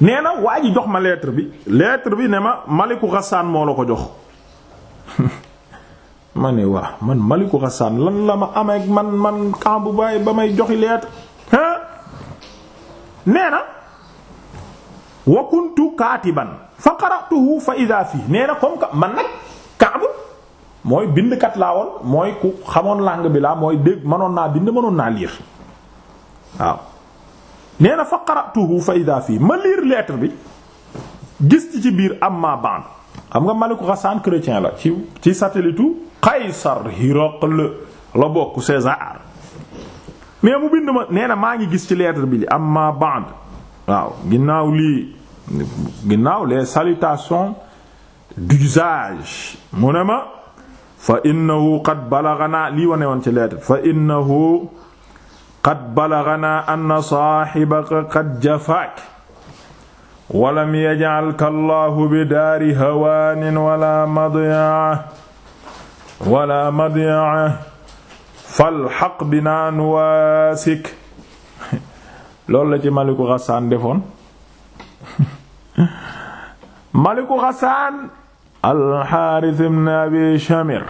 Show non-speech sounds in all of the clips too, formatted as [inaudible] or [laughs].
nee waa ji jox ma lettre bi lettre bi ne ma maliku Ghassan moo la ko jox [laughs] ma ne waa man maliku Ghassan lan la ma amee man man camp bu bàyyi ba may joxi lettre hein fa qara'tuhu fi nee na comme man nag Kaab mooy bindkat laa woon mooy ku xamoon làng bi laa mooy dégg mënoon naa bind mënoon naa lire waaw nee na fa qara'tuhu fa ida fii ma liir lettre bi gis ci ci biir amma ba'd xam nga Malik Ghassan chrétien la ci ci satellite u Qaysar la bokk César mais mu bind ma nee maa ngi gis ci lettre bi li amma ba'd waaw ginnaaw lii ginnaaw les salutations d'usage mu ne ma fa innahu qad balaghana lii wane woon ci lettre fa innahu qad balaganaa anna saaxibaka qad jafaak walam yajcalka allahu bi daari hawaanin wala madyaca wala madyaca falxaq binaa nuwaasik [laughs] loolu la ci maliku xasaan defoon [laughs] maliku xasaan alxaaris ibn abi shamir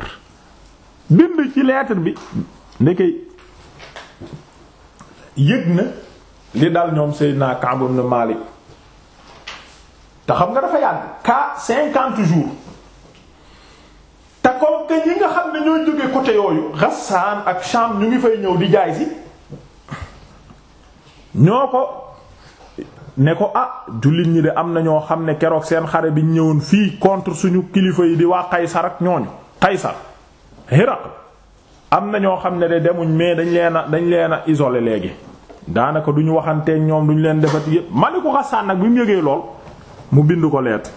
bind ci lettre bi ndekay yëg na li dal ñoom Seydina Ka'b ibn Malik te xam nga dafa yàgg ka cinquante jours te comme que ñi nga xam ne ñoo jóge côté yooyu Ghassan ak Sham ñu ngi fay ñëw di jaay si ñoo ko ne ko ah jullit ñi de am na ñoo xam ne keroog seen xare bi ñëwoon fii contre suñu kilifa yi di waa Qaysar ak ñooñu Qaysar am na ñoo xam ne de demuñ mais dañ leen a dañ leen a isolé léegi daanaka duñu waxanteeg ñoom duñu leen defati yépp Maliku Xasaan nag bi mu yëgee lool mu bind ko leet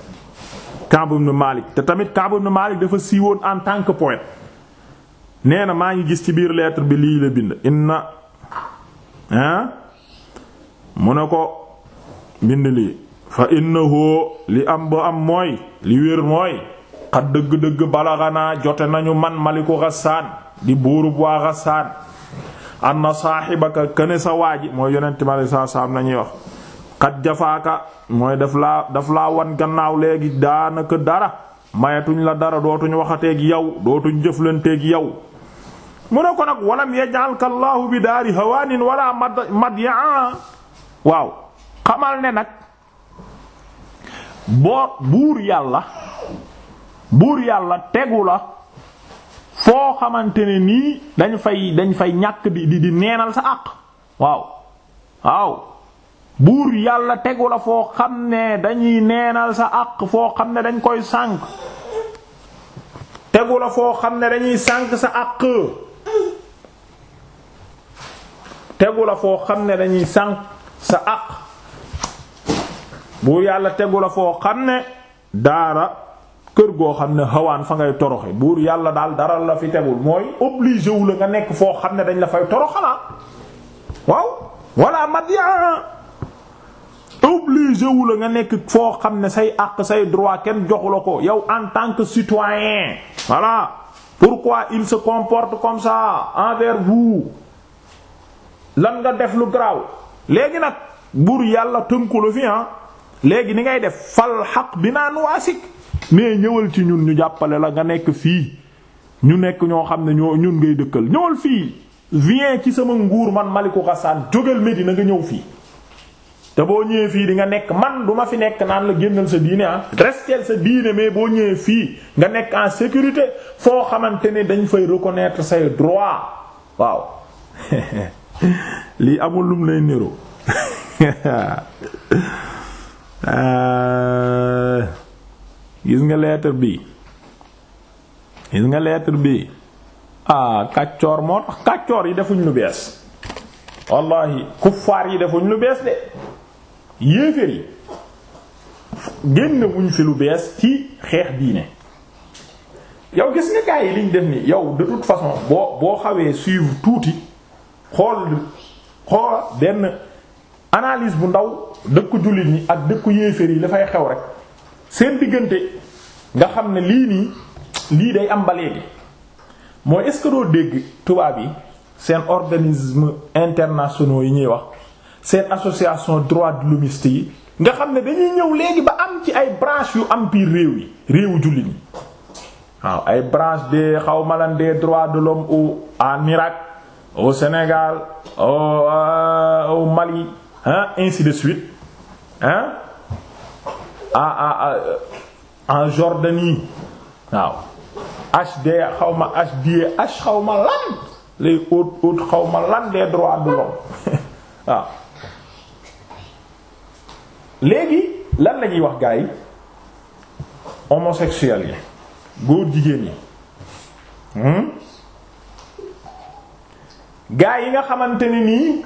Kaab ibn Malik te tamit Kaab ibn Malik dafa siiwoon en tant que poète nee na maa ngi gis ci biir lettre bi lii la bind inna ah mu ne ko bind lii fa innahu li am ba am mooy li wér mooy xat dëgg-dëgg balaxanaa jote nañu man Maliku Xasaan di buurub waa Gassaan anna saaxibaka këne sa waaji mooy yonent ma saa saam nañuy wax xat jafaaka mooy daf laa daf laa wan gannaaw léegi daanaka dara mayetuñ la dara dootuñ waxateeg yow dootuñ jëflanteeg yow mu ne ko nag walam yajalka Allahu bi daari hawaanin wala mad madyaa waaw xamal ne nag boo buur yàlla buur yàlla tegu la foo xamante ni nii dañ fay dañ fay ñàkk di di di neenal sa àq waaw waaw buur yàlla tegu la foo xam ne dañuy neenal sa àq foo xam ne dañ koy sànk tegu la foo xam ne dañuy sànk sa àq tegu xam ne dañuy sànk sa àq buur yàlla tegu la foo xam ne daara kër goo xam ne hawaan fa ngay toroxe buur yàlla daal dara la fi tegul mooy obligé wu la nga nekk foo xam ne dañ la fay toroxalaa waaw walla madian obligé wu la nga nekk foo xam ne say àq say droit kenn joxu la ko yow en tant que citoyen voilà pourquoi il se comporte comme ça envers vous lan nga def lu graaw léegi nag buur yàlla tënku la fi ah léegi ni ngay def fal xaq bi naan waasik mais ñëwal ci ñun ñu jàppale la nga nekk fii ñu nekk ñoo xam ne ñun ngay dëkkal ñëwal fii viens ci sama nguur man Maliku Xasaan jógal Medina nga ñëw fii te boo ñëwee fii di nga nekk man du ma fi nekk naan la génnal sa diine ah resteel sa diine mais boo ñëwee fii nga nekk en sécurité foo xamante ne dañ fay reconnaître say droit waaw [laughs] lii amul lum lay niro [laughs] euh, gis nga lettre bi gis nga lettre bi ah kàccoor moo tax kàccoor yi defuñ lu bees wallahi kuffaar yi defuñ lu bees de yéeféer yi génn wuñ fi lu bees ci xeex diine yow gis nga gaa yi liñ def ni yow de toute façon boo boo xawee suivre tuuti xool xool benn analyse bu ndaw dëkku jullit ñi ak dëkku yéeféer yi dafay xew rek seen diggante nga xam ne lii nii lii day am ba léegi mooy est dégg tubaab yi seen organisme internationaux yi ñuy wax seen association droit de l'hommiste yi nga xam ne dañuy ñëw léegi ba am ci ay branche yu am biir réew yi réewu jullit yi waaw ay branche des xaw ma lan des droits de l'homme au en Irak au Sénégal au euh, Mali ainsi de suite a en Jordanie waaw HD xaw ma HD H xaw ma lan les hautes hautes xaw ma lan des droits de l'homme [laughs] waaw léegi lan la ñuy wax gars yi homosexuels yi góor jigéen yi hmm? gars yi nga xamante ni nii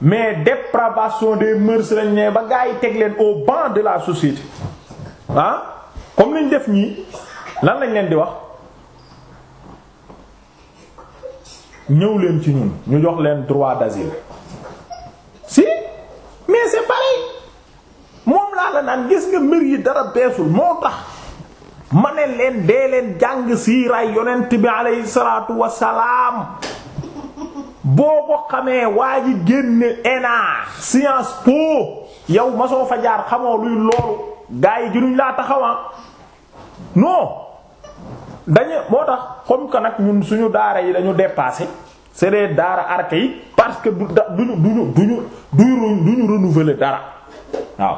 mais dépravation des mœurs lañ ne ba gaa yi teg leen au banc de la société ah comme niñ def ñii lan lañ leen di wax ñëw leen ci ñun ñu jox leen droit d'asile si mais c'est pareil moom laa la naan gis nga mbir yi dara beesul moo tax ma ne leen dee leen jàng siiraay yonent bi aleyhi salaatu wassalaam boo ko xamee waa ji génne ENA Sciences Po yow ma soo fa jaar xamoo luy loolu gars yi junuñ laa taxawaan ah. non dañu moo tax xom ko nag ñun suñu daara yi dañu dépassé c'est des daara archaïques parce que du duñu duñu duñu duñu duñu dara waaw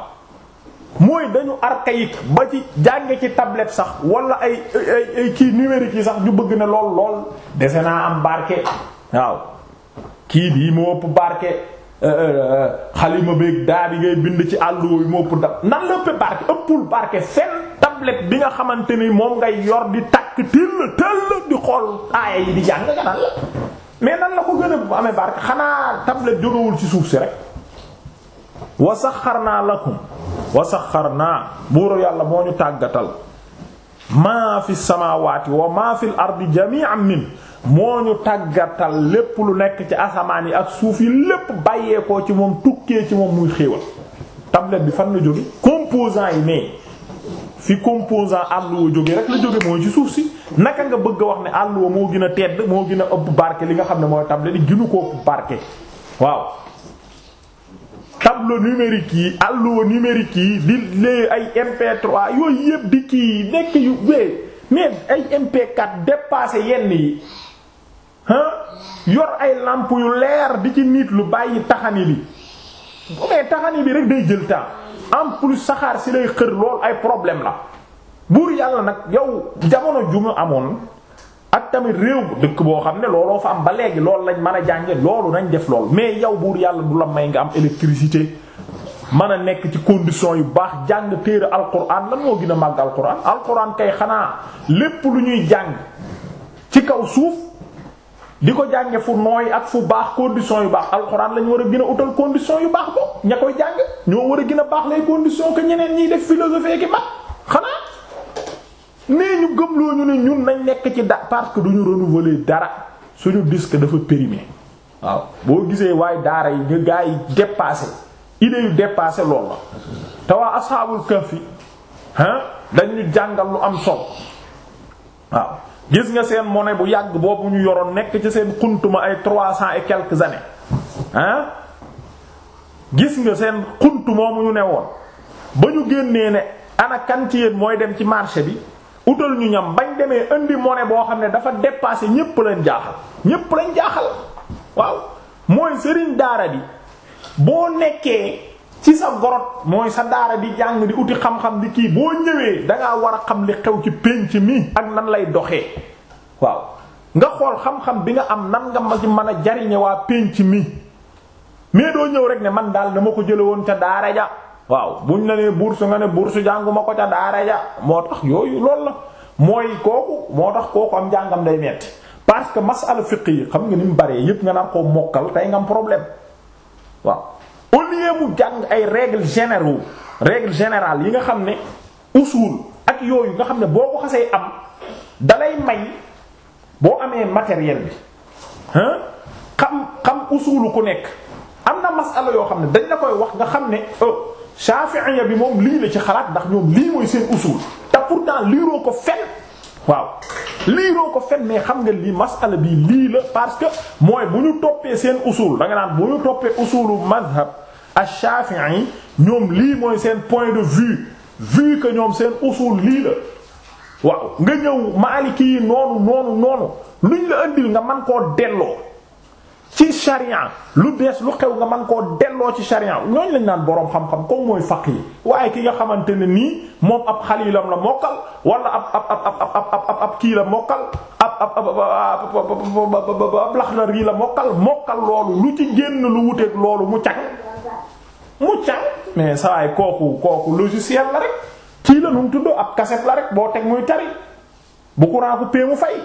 mooy dañu archaïque ba ci jànge ci tablette sax walla ay ay ay kii numérique yi sax ñu bëgg na lool lool dese naa am barke waaw kii bii moo ëpp barke euh, euh, euh, xalima beeg daadi bi ngay bind ci àll wooyu moo ëpp dab nan la ëpp barke ëppul barke fenn tablette bi nga xamante ni moom ngay yor di takk tëll tëll di xool aaya yi di jàng nga nan la mais nan la ko gën a amee barke xanaa tablette jógewul ci suuf si rek wa saxarnaa lakum wa saxarnaa buuru yàlla moo ñu tàggatal maa fi samaawaati wa maa fil ardi jami'an min moo ñu tàggatal lépp lu nekk ci asamaan yi ak suuf yi lépp bàyyeekoo ci moom tukkee ci moom muy xéewal tablette bi fan la jóge composant yi mais fi composant àll wa jóge rek la jóge mooy ci suuf si naka nga bëgg a wax ne àll wa moo gën a tedd moo gin a ëpp barke li nga xam ne mooy tablette yi ginu ko ëpp barke waaw tableau numérique yi alluwa numérique yi di lee ay MP3 yooyu yëpp di kii nekk yu bee mais ay MP4 dépassé yenn yi yor ay làmp yu leer di ci nit lu bàyyi taxani bi mais taxani bi rek day jël temps en plus saxaar si lay xër lool ay problème la buur yàlla nag yow jamono ju mu amoon ak tamit réew bu dëkk boo xam ne looloo fa am ba léegi loolu lañ mën a jànge loolu nañ def lool mais yow buur yàlla du la may nga am électricité mën a nekk ci condition yu baax jàng téere alquran lan moo gën a màgg alquran alquran kay xanaa lépp lu ñuy jàng ci kaw suuf di ko jànge fu nooy ak fu baax condition yu baax alxuraan lañu war a gën a utal condition yu baax boobu ña koy jàng ñoo war a gën a baax lay condition que ñeneen ñiy def philosophie ki mag xanaa nee ñu gëmloo ñu ne ñun nañ nekk ci da parce que du ñu renouveler dara suñu disque dafa périmé waaw boo gisee waaye daara yi ñu gaa yi dépassé idée yu dépassé lool la te waa asxaabul kahfi dañu jàngal lu am solo waaw gis nga seen monnaie bu yàgg boobu ñu yoroon nekk ci seen xuntuma ay trois cent et quelques années ah gis nga seen xunt moomu ñu ne woon ba ñu génnee ne ana mooy dem ci marché bi utal ñu ñam bañ demee indi monnaie boo xam ne dafa dépassé ñépp lañ jaaxal ñépp lañ jaaxal waaw mooy sëriñ daara bi boo nekkee ci sa gorot mooy sa daara di jàng di uti xam-xam di kii boo ñëwee danga war a xam li xew ci pénc mi ak nan lay doxee waaw nga xool xam-xam bi nga am nan nga ma ci mën a jariñe waa pénc mi mais doo ñëw rek ne man daal dama ko jële woon ca daara ja waaw buñ la nee bourse nga ne bourse jànguma ko ca daara ja moo tax yooyu lool la mooy kooku moo tax kooku am jàngam day metti parce que masala fiqh yi xam nga ni mu baree yépp nga naan koo mokkal tey nga problème waaw au lieu mu jàng ay règles généraux règles générales yi nga xam ne usul ak yooyu nga xam ne boo ko xasee am dalay may boo amee matériel bi hein xam xam usulu ku nekk am na masala yoo xam ne dañ la koy wax nga xam ne oh Shafi'iyya bi moom lii la ci xalaat ndax ñoom lii mooy seen usul te pourtant liiroo ko fen waaw liiroo ko fen mais xam nga lii masala bi lii la parce que mooy bu ñu toppee seen usul da nga naan bu ñu toppee usulu mazhab a ash yi ñoom lii mooy seen point de vue vu que ñoom seen usul lii la waaw nga ñëw Maliki yi noonu noonu noonu luñ la andil nga man koo delloo ci sharia lu bees lu xew nga man koo delloo ci sharia ñooñ lañ naan boroom xam-xam comme mooy faq yi waaye ki nga xamante ne nii moom ab xalilam la mokkal wala ab ab ab ab ab kii la mokkal ab ab ab ab la mokkal mokkal loolu lu ci génn lu wuteeg loolu mu cag mu càng mais saa waay kooku kooku logiciel la rek kii la nu mu tudd ab cassette la rek boo teg muy tari bu courant bu mu fay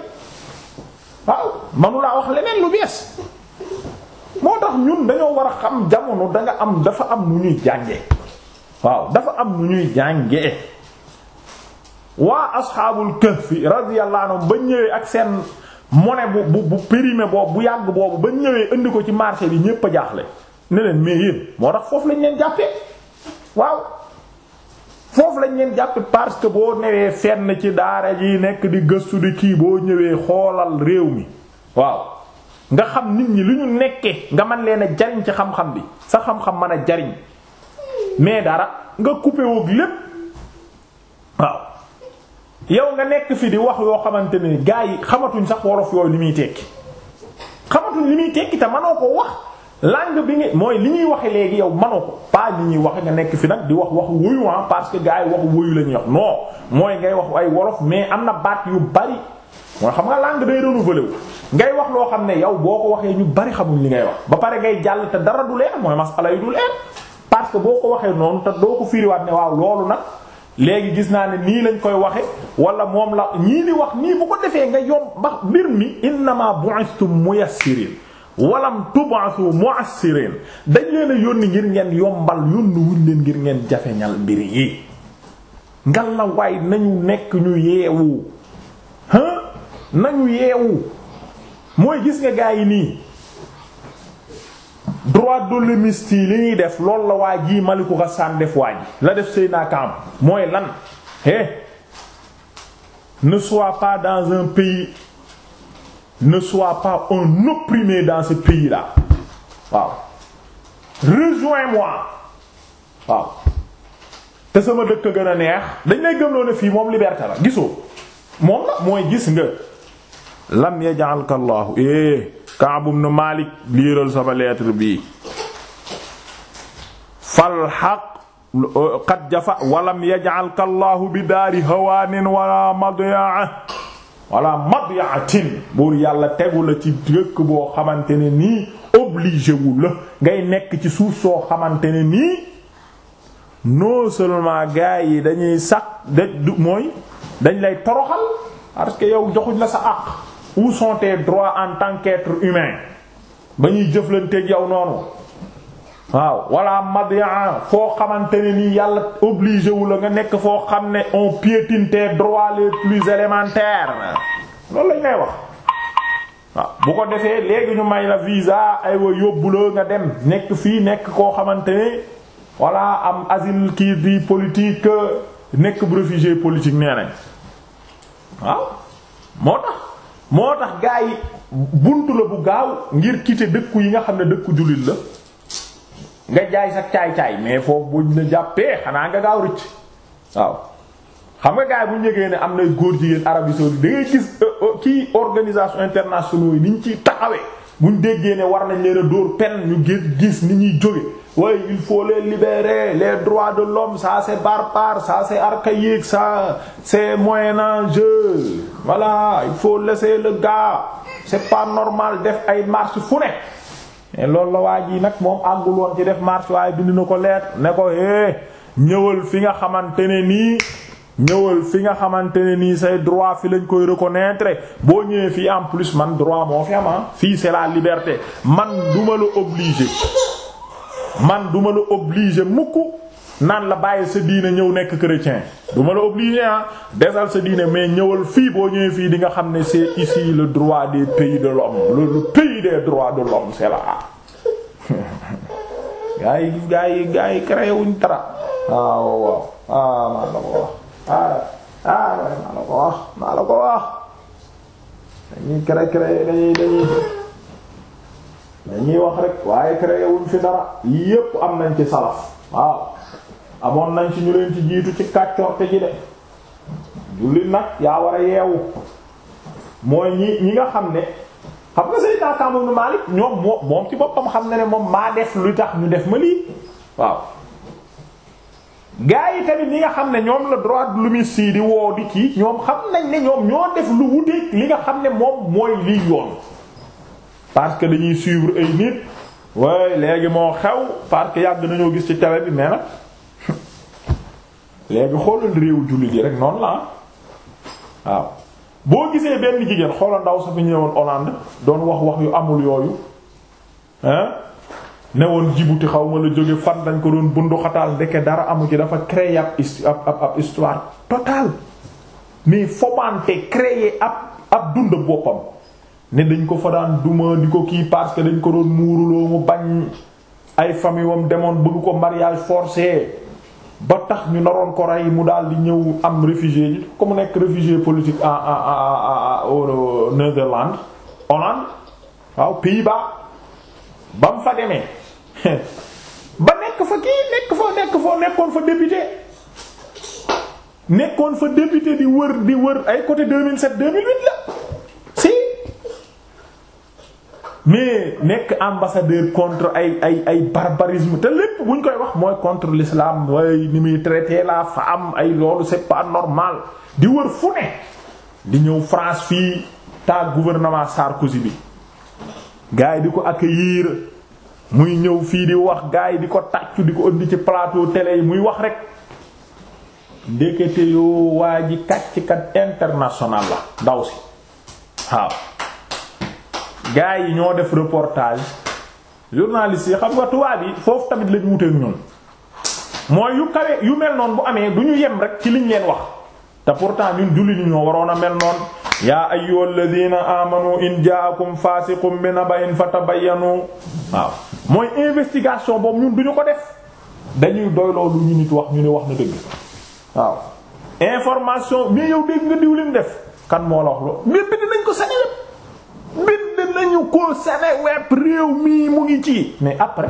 waaw manulaa wax leneen lu bees moo tax ñun dañoo war a xam jamono danga am dafa am nu ñuy jàngee waaw dafa am nu ñuy jàngee waa asxaabul kahfi radiyallahu anhum ba ñëwee ak seen monnaie bu bu bu périmé boobu bu yàgg boobu ba ñëwee indi ko ci marché bi ñépp a jaaxle. ne leen mais yéen moo tax foofu lañ leen jàppe waaw foofu lañ leen jàppee parce que boo newee fenn ci daara ji nekk di gëstu di kii boo ñëwee xoolal réew mi waaw nga xam nit ñi lu ñu nekkee nga man leen a jariñ ci xam-xam bi sa xam-xam mën a jariñ mais dara nga coupé woog lépp waaw yow nga nekk fi di wax yoo xamante ne gaa yi xamatuñ sax wolof yooyu li muy tekki xamatuñ li muy tekki te mënoo ko wax. langue bi nga mooy li ñuy waxe léegi yow manoo ko pas li ñuy waxe nga nekk fi nag di wax waxu wuyu ah parce que gars yi waxu wuyu la ñuy wax non mooy ngay wax ay wolof mais am na baat yu bari mooy xam nga langue day renouvelé ngay wax loo xam ne yow boo ko waxee ñu bari xamuñ li ngay wax ba pare ngay jàll dara du leer mooy masala yu du leer parce que boo ko waxee noonu te doo ko firiwaat ne waaw loolu nag léegi gis naa ne nii lañ koy waxe wala moom la ñii li wax nii bu ko defee nga yom bax mbir mi innama bu'istum muyassirin walam tubaasu mu'assirin dañ leen a yónni ngir ngeen yombal yónni wuñ leen ngir ngeen jafeñal mbir yi ngal la waay nañu nekk ñu yeewu hë nañu yeewu mooy gis nga gaa yi nii droit de l'hémisti li ñuy def lool la waa ji maliku Ghassan def waa ji la def Seyna Kamp mooy lan eh ne sois pas dans un pays ne sois pas un opprimé dans ce pays-là waaw rejoins-moi waaw te sama dëkk gën a neex dañ lay gëmloo ne fii moom liberté la gisoo moom la mooy gis nga lam yaj'alka Allahu eh Ka'b ibn Malik liiral sama lettre bii fal haqq qad jafa walam yaj'alka Allahu bi daari hawaanin wala madya'a wala madyatin buur yàlla tegu la ci dëkk boo xamante ne nii obligé wu la ngay nekk ci suuf soo xamante ne nii non seulement gars yi dañuy sax da mooy dañ lay toroxal parce que yow joxuñ la sa àq où sont tes droits en tant qu'être humain ba ñuy jëflanteeg yow noonu waaw wala madian foo xamante ne nii yàlla obligé wu nga nekk foo xam ne on piétine tes droits les plus élémentaires loolu lañ lay wax waaw bu ko defee léegi ñu may la visa ay wa yóbbu nga dem nekk fii nekk koo xamante ne wala am asile kii di politique nekk bu réfugié politique nee nañ waaw moo tax moo tax gaa yi buntu la bu gaaw ngir quitter dëkku yi nga xam ne dëkku jullit la nga jaay sa caay-caay mais foofu buñ la jàppee xanaa nga gaaw rëcc waaw xam nga gars bu ñu yëgee ne am nay góor jigéen Arabie saoudite da ngay gis euh, euh, kii organisation internationaux yi ni ñu ciy taxawee buñ déggee ne war nañ leen a dóor ñu gis gis ni ñuy jóge waaye il faut les libérer les droits de l'homme ça c'est barbare ça c'est archaïque ça c'est moyen âge voilà il faut laisser le gars c'est pas normal def ay marche fu ne loolu la waa jii nag moom àggul woon ci def marche waaye bind na ko leet ne ko hé ñëwal fi nga xamante ne nii ñëwal fi nga xamante ne nii say droit fi lañ koy reconnaître boo ñëwee fii en plus man droit moo fi am ah. fii c'est la liberté man duma la obligé man duma la obligé mukk naan la bàyyi sa diine ñëw nekk chrétien du ma la obligé ah desal sa diine mais ñëwal fii boo ñëwee fii di nga xam ne c'est ici le droit des pays de l'homme le pays des droits de l'homme c'est là [laughs] gaa yi gaa yi gaa yi créé wuñ dara ah, waaw waaw ah maa la ko wax ah ah maa la ko wax maa la ko wax dañuy créé créé dañuy dañuy dañuy wax rek waaye créé fi dara yépp am nañ ci salaf waaw amoon nañ ci ñu leen ci jiitu ci kàccoorte ji de jullit nag yaa war a yeewu mooy ñi ñi nga xam ne xam nga Seydina Kaab ibn Maalik ñoom moom ci boppam xam na ne moom maa def lu tax ñu def ma lii waaw gaa yi tamit ñi nga xam ne ñoom la droit de l'homicide di woo di kii ñoom xam nañ ne ñoom ñoo def lu wuteeg li nga xam ne moom mooy lii yoon parce que dañuy suivre ay nit waaye léegi moo xew parce que yàgg nañoo gis ci télé bi mais nag léegi xoolal réew jullit yi rek noon la ah. waaw boo gisee benn jigéen xoolal ndaw sa fi ñëwoon Hollande doon wax wax yu amul yooyu hein ne woon Djibouti xaw ma la jóge fan dañ ko doon bunduxataal ndeke dara amu ci dafa créer ab histoire totale mais fomenter créer ab ab dund boppam ne dañ ko fa daan duma di ko kii parce que dañ ko doon muuruloo mu bañ ay famille wam demoon bëgg ko mariage forcé tax ñu naroon ko rey mu daal di ñëw am réfugié ko mu nekk réfugié politique en en euh, Hollande waaw Pays-Bas ba mu fa demee [laughs] ba nekk fa kii nekk fa nekk fa nekkoon fa député nekkoon fa député di wër di wër ay côté 2007 2008 la. mais nekk ambassadeur contre ay ay ay barbarisme te lépp bu ñu koy wax mooy contre l'islam waaye ni muy traiter la femme ay loolu c'est pas normal di wër fu ne di ñëw France fii ta gouvernement Sarkozy bi gars yi di ko accueillir muy ñëw fii di wax gars yi di ko tàccu di ko indi ci plateau télé yi muy wax rek ndekete yoo waa ji kàcc kat international la ndaw si waaw gars yi ñoo def reportage journaliste yi xam nga tubaab yi foofu tamit lañ wuteek ñun mooy yu kawe yu mel noonu bu amee du ñu yem rek ci liñ leen wax te pourtant ñun jullit ñoo waroon a mel noonu yaa ayyuhal ladina amanu in jaakum fasiqun bi naba'in fatabayyanu waaw mooy investigation boobu ñun duñu ko def dañuy doy ñu nit wax ñu ne wax na dëgg waaw information mais yow dégg nga diw def kan moo la wax loolu nañu ko mu ngi ci mais après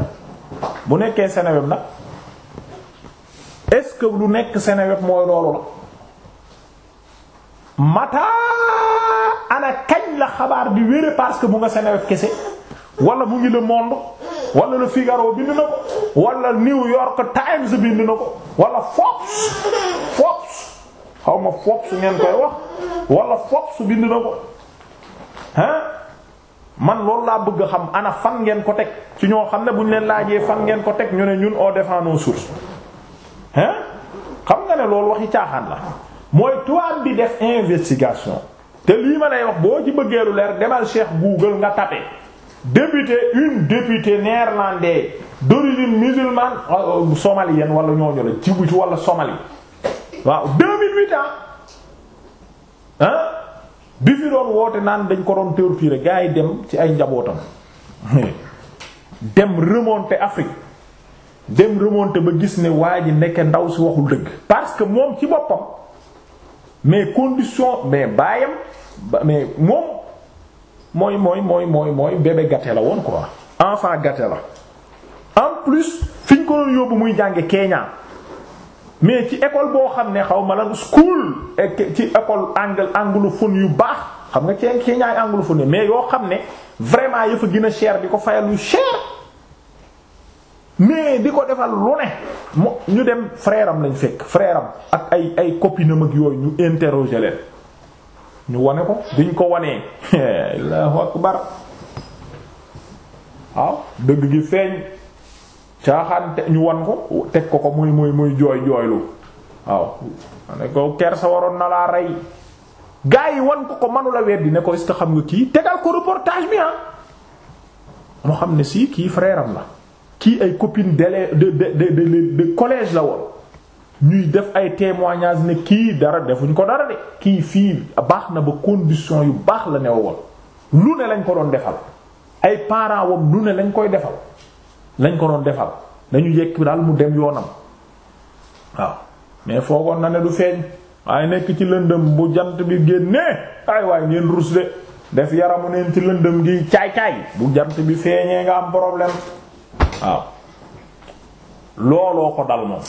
bu nekkee Seneweb nag ce que lu nekk Seneweb mooy loolu la mata ana kañ la xabaar bi wéré parce que mu nga Seneweb kese wala mu ngi Le Monde wala Le Figaro bind na ko wala New York Times bind na ko wala Fox Fox xaw Fox ngeen koy wax wala Fox bind na ko hein man loolu laa bëgg a xam ana fan ngeen ko teg ci ñoo xam ne bu ñu leen laajee fan ngeen ko teg ñu ne ñun on défend nos sources xam nga ne loolu waxi caaxaan la mooy tubaab bi def investigation te lii ma lay wax boo ci bëggee lu leer demal cheikh Google nga tapé député une députée néerlandaise d'origine musulmane euh, somalienne wala ñooñu la Djibouti wala Somalie waaw 2008 ah. bi fi doon woote naan dañ ko doon torturer gars yi dem ci ay njabootam dem remonter Afrique dem remonter ba gis ne waa ji nekk ndaw si waxul dëgg. parce que moom ci boppam mais condition mais baayam mais moom mooy mooy mooy mooy mooy bébé gâté la woon quoi. enfant gâté la en plus fi ñu ko doon yóbbu muy jànge Kenya. mais ci école boo xam ne xaw ma lan school eh, ci école angle anglophone yu baax xam nga ci ci ñaay anglophone mais yoo xam ne vraiment ya fa gën a cher di ko fayal yu cher mais di ko defal lu ne mo ñu dem frère lañ fekk freeram ak ay ay copinam ak yooyu ñu interroger leen ñu wane ko diñ ko wanee [laughs] allahu akbar waaw dëgg gi feeñ caaxaante ñu wan ko teg ko ko muy muy muy jooy jooylu waaw ne ko kersa waroon na laa rey gaa yi wan ko ko manula weddi ne ko est-ce xam nga kii tegal ko reportage bi ah moo xam ne si kii freeram am la kii ay copine dele de de de de collège la woon ñuy def ay témoignages ne kii dara defuñ ko dara de kii fii baax na ba condition yu baax la ne woon lu ne lañ ko doon defal ay parents wam lu ne lañ koy defal lañ ko doon defar dañu yekk daal mu dem yoonam waaw mais foogoon na ne du feeñ waaye nekk ci lëndëm bu jant bi génnee ay waay ngeen rus de def yaramu neen ci lëndëm gi caay caay bu jant bi feeñee nga am problème waaw looloo ko dal moom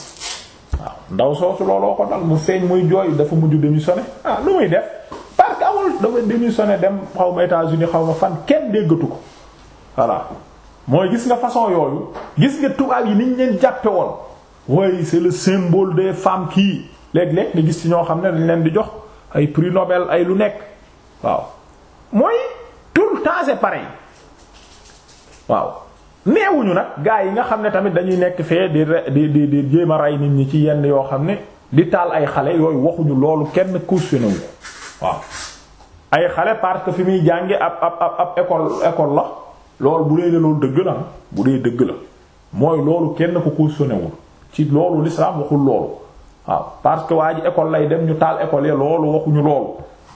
waaw ndaw soosu looloo ko dal mu feeñ muy jooy dafa mujj démissionné ah lu muy def parce que amul dafa démissionné dem xaw ma États-Unis xaw ma fan kenn déggatu ko voilà mooy gis nga façon yooyu gis nga tubaab yi niñ leen jàppe woon waaye c'est le symbole des femmes kii léegi léeg nga gis ci ñoo xam ne dañ leen di jox ay prix Nobel ay lu nekk waaw mooy tout le temps c'est waaw neewuñu nag gaa yi nga xam ne tamit dañuy nekk fee di di di jéem a rey nit ñi ci yenn yoo xam ne di taal ay xale yooyu waxuñu loolu kenn cautionné wu waaw ay xale parce fi muy jànge ab ab ab école école la lool bu dee ne loolu dëgg la bu dee dëgg la mooy loolu kenn ko cautionnéwul ci loolu l'islam waxul loolu waaw parce que waa ji école lay dem ñu taal école ya loolu waxuñu loolu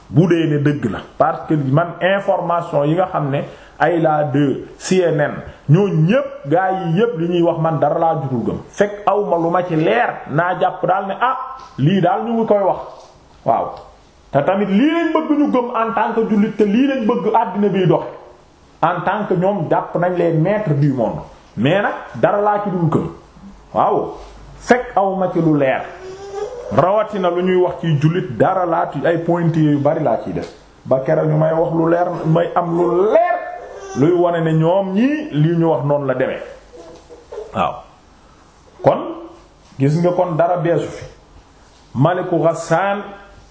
bu dee ne dëgg la parce que man information yi nga xam ne ay la de CNN ñoo ñépp gaa yi yépp li ñuy wax man dara laa jutul gëm fekk awma lu ma ci leer naa jàpp daal ne ah lii daal ñu ngi koy wax waaw te tamit lii lañ bëgg ñu gëm en tant que jullit te lii lañ bëgg àddina biy doxe en tant que ñoom jàpp nañ leen maîtres du monde mais nag dara laa ci dul këm waaw fekk aw ci lu leer rawatina lu ñuy wax ci jullit dara laa ci ay pointillés yu bari laa ciy def ba keroog ñu may wax lu leer may am lu leer luy wane ne ñoom ñii li ñu wax noonu la deme waaw kon gis nga kon dara beesu fi maliku Ghassan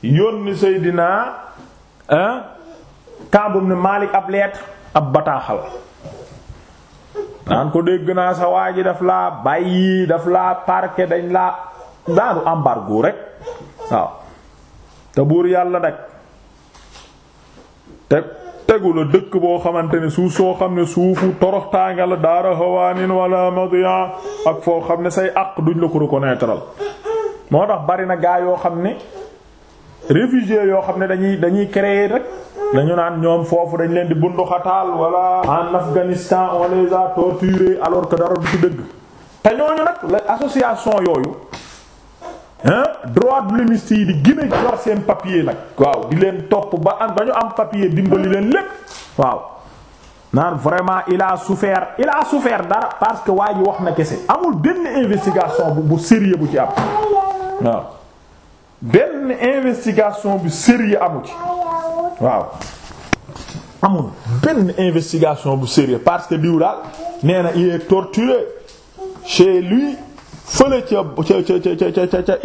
yónni Seydina Ka'b ibn Malik ab lettre ab bataaxal naan ko dégg naa sa waa ji daf laa bàyyi daf laa parqué dañ laa daanu embargo rek waaw te buur yàlla nag te tegula dëkk boo xamante ne suuf soo xam ne suufu toroxtaanga la daara hawaanin wala madian ak foo xam ne say àq duñ la ko reconnaître moo tax bari na gaa yoo xam ne réfugiés yoo xam ne dañuy dañuy créer rek dañu naan ñoom foofu dañu leen di bunduxataal wala en Afghanistan on les a torturés alors que dara du ci dëgg te ñooñu nag la association yooyu ah droit de l'hommiste yi di gën a seen papier nag waaw di leen topp ba am ba ñu am papier dimbali leen lépp waaw naan vraiment il a souffert il a dara parce que waa ji wax na kese amul benn investigation bu bu sérieux bu ci am waaw benn investigation bu sérieux amu ci waaw amul benn investigation bu sérieux parce que diw daal nee na il est torturé chez lui fële ca ca ca ca ca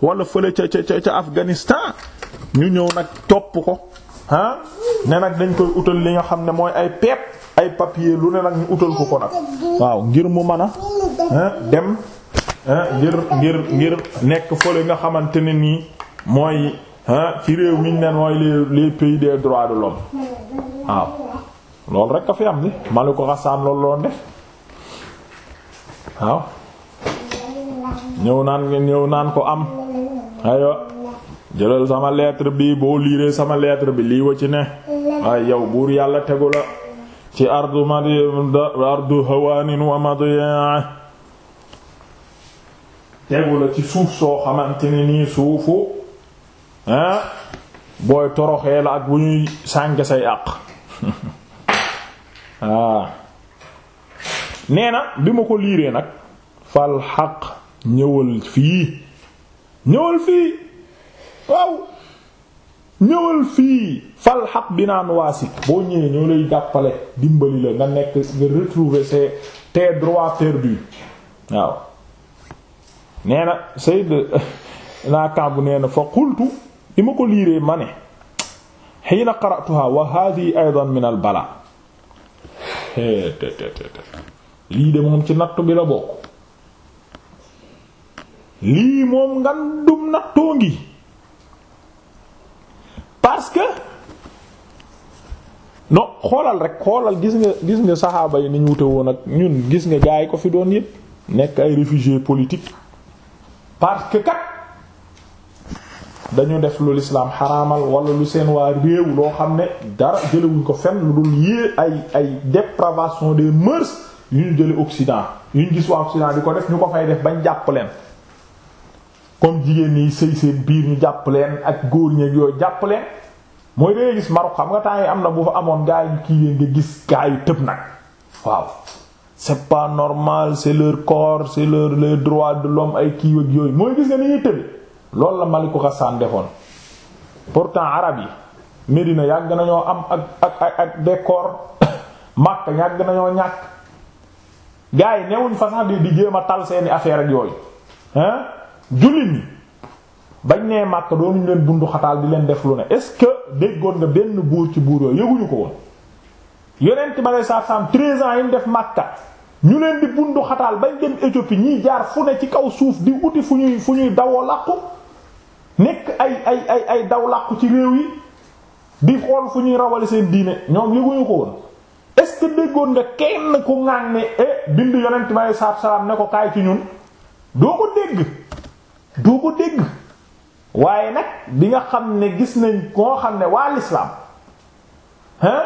wala fële ca ca ca Afghanistan ñu ñëw nag topp ko ah ne nag dañ koy utal li nga xam ne mooy ay pepp ay papier lu ne nag ñu utal ko ko nag waaw ngir mu mën a ah, dem. Ah, ngir ngir ngir nekk fële nga xamante ne nii mooy ah, ci réew mi ñu ne mooy les les pays des droits de l'homme waaw loolu rek a fi am ni mali ko xasaan loolu loon def waaw ñëw naan ko am ayo jëlal sama lettre bi boo liiree sama lettre bi lii wa ci ne waaye yow buur yàlla tegu la ci ardu madi ardu hawanin wa madiya tegu la ci suuf soo xamante ne nii suufu ah booy toroxee la ak bu ñuy sànke say àq [laughs] ah. nee na bi ma ko liiree nag fal xaq ñëwal fii ñëwal fii waaw ñëwal fii fal xaq bi naan waasi boo ñëwee ñoo lay jàppale dimbali la nga nekk nga retrouver se tes droits perdus waaw nee na sayd naa kàmbu nee na fa qultu bi ma ko liiree ma ne xiina qara'tuha wa hadhihi aidan min al bala lii de moom ci nattu bi la bokk lii moom ngandum nattoo ngi parce que non xoolal rek xoolal gis nga gis nga saxaaba yi ni ñu wute woon ak ñun gis nga gaay ko fi doon yépp nekk ay réfugiés politiques parce que kat dañu def lu lislaam xaraamal wala lu seen waa réew loo xam ne dara jëlewuñ ko fenn lu dul yée ay ay dépravation des mœurs yu ñu jële Occident yu ñu gis waa Occident di ko def ñu ko fay def bañ jàpp leen comme jigéen ñi sëy seen biir ñu jàpp leen ak góor ñeeg yooyu jàpp leen mooy dangay gis Maroc xam nga temps yi am na bu fa amoon gaa yi kii yee nga gis gaa tëb nag waaw c'est pas normal c'est leur corps c'est leur les droits de l'homme ay kii ak yooyu mooy gis nga ni ñuy tëdd loolu la Maliku Xasaan defoon pourtant arab yi Medina yàgg nañoo am ak ak ak ak décor [coughs] Makka yàgg nañoo ñàkk gars yi newuñ façon di di jéem a tal seeni affaire ak yooyu hein jullit ñi bañ nee Makka doonuñu leen bundu xataal di leen def lu ne est-ce que déggoon nga benn buur ci buur yooyu yëguñu ko woon yonent ma lay saaf saam 13 ans yi mu def Makka. ñu leen di bundu xataal bañ dem Éthiopie jaar fu ne ci kaw suuf di wuti fu ñuy fu ñuy dawoo làqu nekk ay ay ay daw làqu ci réew yi di xool fu ñuy rawale seen diine ñoom yëguñu ko woon est nga kenn ku ŋaan ne e bind yonent bi alei salaatu salaam ne ko kaay ci ñun doo ko dégg doo ko dégg waaye nag bi nga xam ne gis nañ koo xam ne waa l'islam hein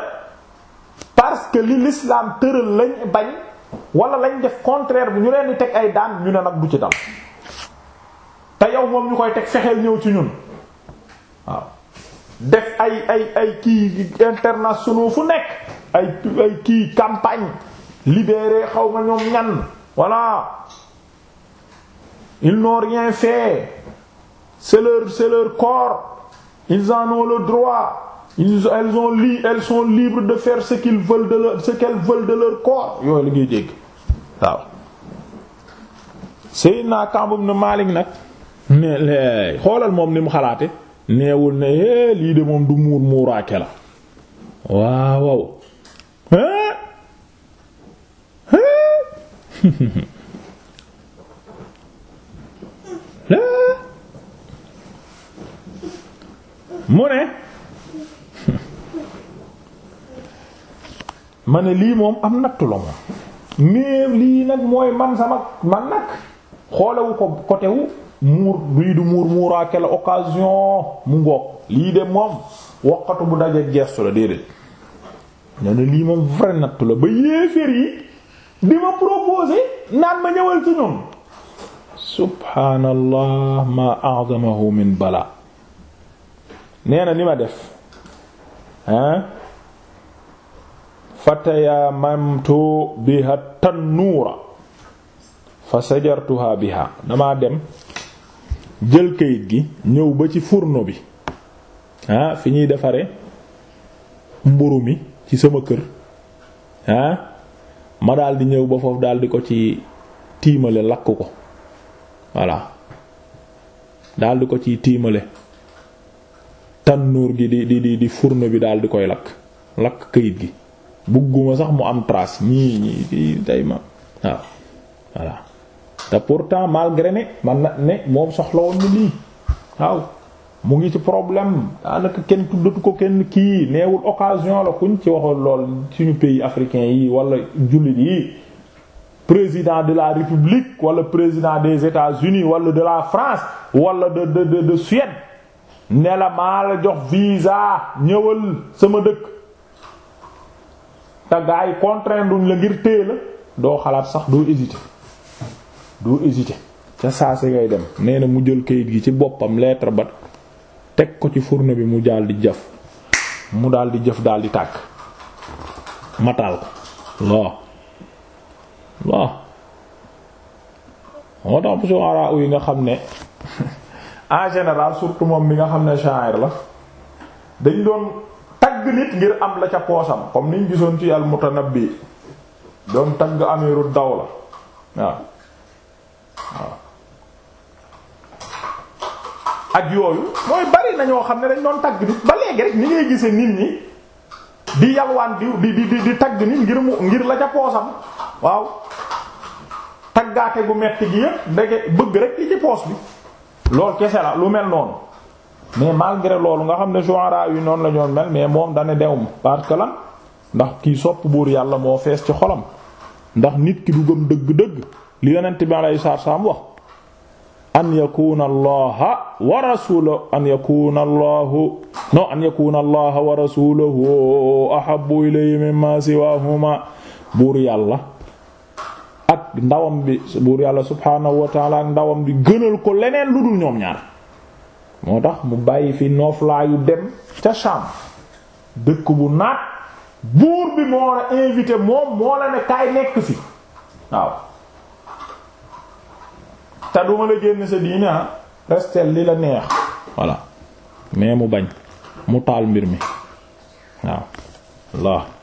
parce que li l'islam tëral lañ bañ wala lañ def contraire bu ñu leen di teg ay daan ñu ne nag bu ci dal te yow moom ñu koy teg fexeel ñëw ci ñun waaw def ay ay ay kii internationaux fu nekk ay ay kii campagne libéré xaw ma ñoom ñan walla ils n'ont rien fait c'est leur c'est corps ils en ont le droit ils elles ont li elles sont libres de faire ce qu'ils veulent de leur ce qu'elles veulent de leur corps yooyu la ngay dégg waaw Seydina Kaab ibn Maalik nag xoolal moom ni mu xalaate neewul ne é eh, lii de moom du muur muuraake la waaw waaw [laughs] mu ne mane lii moom am nattu la moom mais lii nag mooy man sama man nag xoolewu ko côté muur du muur muuraake la occasion mu ngoog lii de moom wokkatu bu daje gestu la déedéet ne ne lii moom vrai nattu la ba yéeféer yi di ma proposer naan ma ñëwal ci ñoom subhaanallah ma a'zamahu min bala nee na ma def hein fatayaamamtu biha tannuura fa sajartuha biha dama dem jël kayit gi ñëw ba ci furno bi ah fi ñuy defare mburu mi ci sama kër ah ma daldi ñëw ba foofu daldi ko ci tiimale lakk ko voilà daldi ko ci tiimale tannuur gi di di di fourneau bi daldi koy lakk lakk kayit gi bugguma sax mu am trace ñii ñii kii tey ma waaw voilà te pourtant malgré ne man na ne moom soxla woon ni lii waaw mu ngi ci problème daanaka kenn tuddatu ko kenn kii neewul occasion la kuñ ci waxoon lool suñu pays africain yi wala jullit yi président de la république wala président des États-Unis wala de la France wala de de de de Suède la maa la jox visa ñëwal sama dëkk. te gaa yi contraindre duñ la ngir téye la doo xalaat sax doo hésiter doo hésiter ca saa si ngay dem nee na mu jël kayit gi ci boppam lettre ba teg ko ci furne bi mu daal di jëf mu daal di jëf daal di tàkk mataal ko waaw waaw moo tax su araa yi nga xam ne [laughs] en général surtout moom mi nga xam ne sha'ir la dañ doon tagg nit ngir am la ca poosam comme niñ gisoon ci al mutanabbi doon tagg amirul dawla waaw waaw ak yooyu mooy bari na ñoo xam ne dañ doon tagg nit ba léegi rek ni ngay gisee nit ñi di yalwaan di di di di tagg nit ngir mu ngir la ca poosam waaw taggaate gu metti gi yépp ndege bëgg rek li ci poos bi loolu kese la lu mel noonu mais malgré loolu nga xam ne shu'ara yu noonu la ñoon mel mais moom dana dew ma parce ndax kii sopp buur yàlla moo fees ci xolam ndax nit ki du gëm dëgg-dëgg li yonent bi alayhi salaam wax an yakuna allaha wa rasuluhu an yakuna allahu no an yakuna allaha wa rasuluhu ahabbu ilayhi buur yàlla ak ndawam bi buur yàlla subhaanahu wa ta'ala ak ndawam bi gënal ko leneen lu dul ñoom ñaar moo tax mu bàyyi fi nooflaayu dem ca Sham dëkk bu naat buur bi moo la invité moom moo la ne kaay nekk fi waaw te la génn sa diine ah li la neex voilà mais mu bañ mu taal mbir mi waaw Allah